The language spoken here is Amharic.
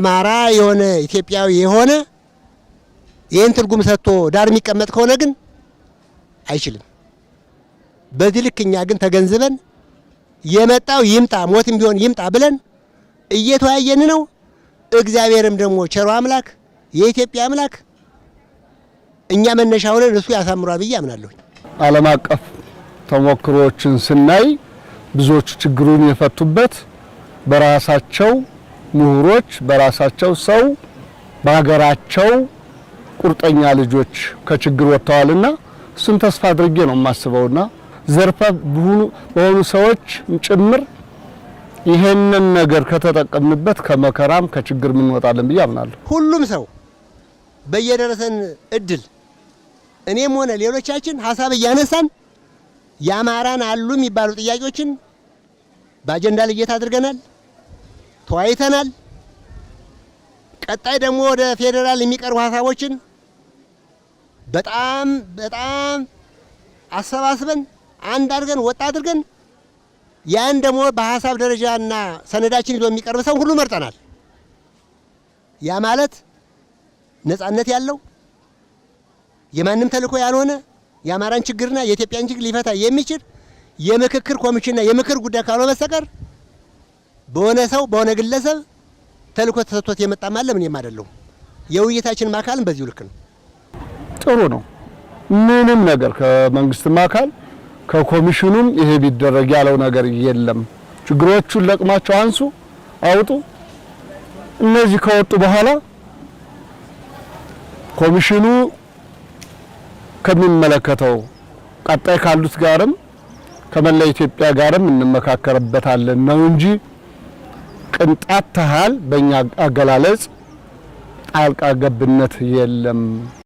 አማራ የሆነ ኢትዮጵያዊ የሆነ ይህን ትርጉም ሰጥቶ ዳር የሚቀመጥ ከሆነ ግን አይችልም። በዚህ ልክ እኛ ግን ተገንዝበን የመጣው ይምጣ ሞትም ቢሆን ይምጣ ብለን እየተወያየን ነው። እግዚአብሔርም ደግሞ ቸሮ አምላክ የኢትዮጵያ አምላክ እኛ መነሻ ሆነን እሱ ያሳምሯ ብዬ አምናለሁ። ዓለም አቀፍ ተሞክሮዎችን ስናይ ብዙዎቹ ችግሩን የፈቱበት በራሳቸው ምሁሮች በራሳቸው ሰው በሀገራቸው ቁርጠኛ ልጆች ከችግር ወጥተዋልና እሱን ተስፋ አድርጌ ነው የማስበውና ዘርፈ በሆኑ ሰዎች ጭምር ይሄንን ነገር ከተጠቀምንበት ከመከራም ከችግር እንወጣለን ብዬ አምናለሁ። ሁሉም ሰው በየደረሰን እድል እኔም ሆነ ሌሎቻችን ሀሳብ እያነሳን የአማራን አሉ የሚባሉ ጥያቄዎችን በአጀንዳ ልየት አድርገናል። ተወያይተናል። ቀጣይ ደግሞ ወደ ፌዴራል የሚቀርቡ ሀሳቦችን በጣም በጣም አሰባስበን አንድ አድርገን ወጣ አድርገን ያን ደግሞ በሀሳብ ደረጃና ሰነዳችን ይዞ የሚቀርብ ሰው ሁሉ መርጠናል። ያ ማለት ነጻነት ያለው የማንም ተልእኮ ያልሆነ የአማራን ችግርና የኢትዮጵያን ችግር ሊፈታ የሚችል የምክክር ኮሚሽንና የምክር ጉዳይ ካልሆነ በስተቀር በሆነ ሰው በሆነ ግለሰብ ተልእኮ ተሰጥቶት የመጣ ማለ ምን የማደለው የውይይታችን አካልም በዚሁ ልክ ነው። ጥሩ ነው። ምንም ነገር ከመንግስትም አካል ከኮሚሽኑም ይሄ ቢደረግ ያለው ነገር የለም። ችግሮቹን ለቅማቸው አንሱ፣ አውጡ። እነዚህ ከወጡ በኋላ ኮሚሽኑ ከሚመለከተው ቀጣይ ካሉት ጋርም ከመላ ኢትዮጵያ ጋርም እንመካከርበታለን ነው እንጂ ቅንጣት ታህል በእኛ አገላለጽ ጣልቃ ገብነት የለም።